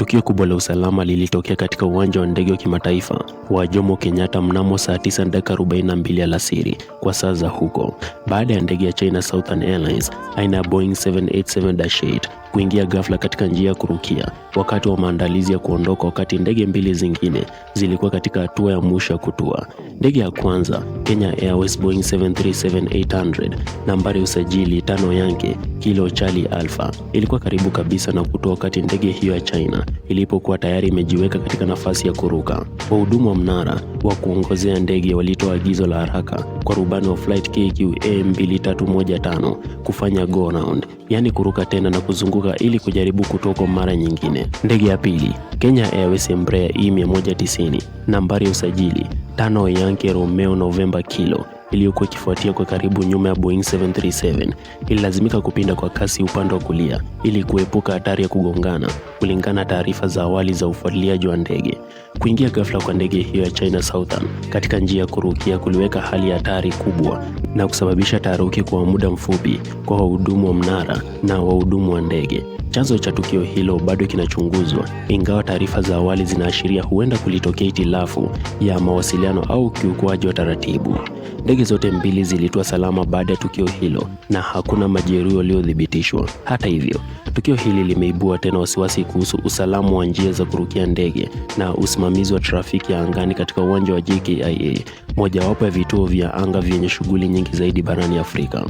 Tukio kubwa la usalama lilitokea katika uwanja wa ndege wa kimataifa wa Jomo Kenyatta mnamo saa 9 dakika 42 alasiri kwa saa za huko, baada ya ndege ya China Southern Airlines aina ya Boeing 787-8 kuingia ghafla katika njia ya kurukia wakati wa maandalizi ya kuondoka, wakati ndege mbili zingine zilikuwa katika hatua ya mwisho ya kutua. Ndege ya kwanza Kenya Airways Boeing 737-800 nambari ya usajili tano yake kilo chali alfa ilikuwa karibu kabisa na kutua wakati ndege hiyo ya China ilipokuwa tayari imejiweka katika nafasi ya kuruka. Wahudumu wa mnara wa kuongozea ndege walitoa agizo la haraka kwa rubani wa flight KQA 2315 kufanya go round, yani kuruka tena na kuzunguka kulipuka ili kujaribu kutoko mara nyingine. Ndege ya pili, Kenya Airways Embraer E190, nambari ya usajili tano Yankee Romeo Novemba kilo iliyokuwa ikifuatia kwa karibu nyuma ya Boeing 737 ililazimika kupinda kwa kasi upande wa kulia ili kuepuka hatari ya kugongana, kulingana na taarifa za awali za ufuatiliaji wa ndege. Kuingia ghafla kwa ndege hiyo ya China Southern katika njia ya kurukia kuliweka hali ya hatari kubwa na kusababisha taharuki kwa muda mfupi kwa wahudumu wa mnara na wahudumu wa ndege. Chanzo cha tukio hilo bado kinachunguzwa, ingawa taarifa za awali zinaashiria huenda kulitokea itilafu ya mawasiliano au kiukwaji wa taratibu. Ndege zote mbili zilitua salama baada ya tukio hilo na hakuna majeruhi waliothibitishwa. Hata hivyo, tukio hili limeibua tena wasiwasi kuhusu usalama wa njia za kurukia ndege na usimamizi wa trafiki ya angani katika uwanja wa JKIA, mojawapo ya vituo vya anga vyenye shughuli nyingi zaidi barani Afrika.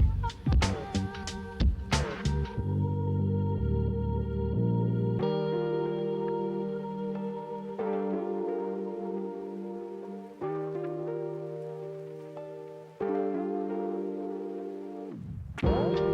Thank oh. you.